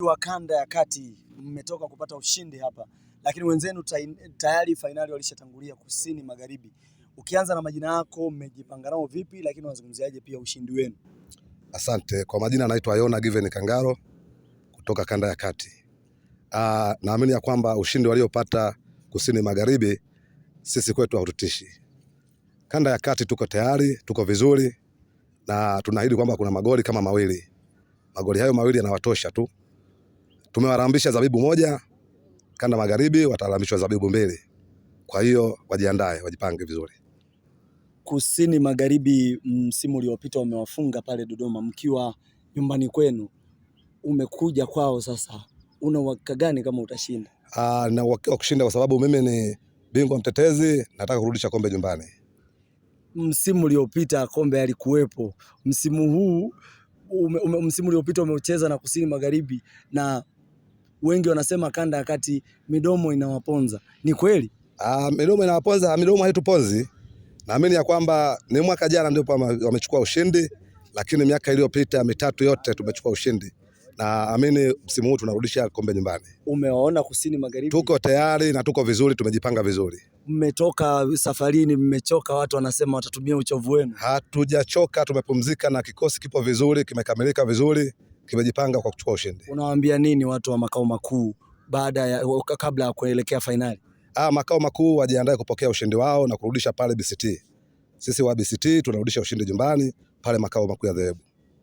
wa kanda ya kati mmetoka kupata ushindi hapa, lakini wenzenu tayari fainali walishatangulia kusini magharibi. Ukianza na majina yako, mmejipanga nao vipi, lakini unazungumziaje pia ushindi wenu? Asante. Kwa majina naitwa Yona Given Kangaro kutoka kanda ya kati. Aa, ah, naamini ya kwamba ushindi waliopata kusini magharibi sisi kwetu haututishi. Kanda ya kati tuko tayari, tuko vizuri na tunaahidi kwamba kuna magoli kama mawili. Magoli hayo mawili yanawatosha tu Tumewarambisha zabibu moja kanda magharibi, watarambishwa zabibu mbili. Kwa hiyo wajiandae, wajipange vizuri. Kusini magharibi, msimu uliopita umewafunga pale Dodoma, mkiwa nyumbani kwenu, umekuja kwao sasa, una uhakika gani kama utashinda? Ah, na uhakika wa kushinda kwa sababu mimi ni bingwa mtetezi, nataka kurudisha kombe nyumbani. Msimu uliopita kombe alikuwepo, msimu huu ume, ume, msimu uliopita umecheza na kusini magharibi na wengi wanasema kanda ya kati midomo inawaponza. Ni kweli? Ah, midomo inawaponza, midomo haituponzi. Naamini ya kwamba ni mwaka jana ndio wamechukua ushindi, lakini miaka iliyopita mitatu yote tumechukua ushindi. Naamini msimu huu tunarudisha kombe nyumbani. Umewaona kusini magharibi, tuko tayari na tuko vizuri, tumejipanga vizuri. Mmetoka safarini, mmechoka, watu wanasema watatumia uchovu wenu. Hatujachoka, tumepumzika na kikosi kipo vizuri, kimekamilika vizuri kimejipanga kwa kuchukua ushindi. Unawaambia nini watu wa makao makuu baada ya kabla ya kuelekea fainali? Ah, makao makuu wajiandae kupokea ushindi wao na kurudisha pale BCT. Sisi wa BCT tunarudisha ushindi nyumbani pale makao makuu ya dhehebu.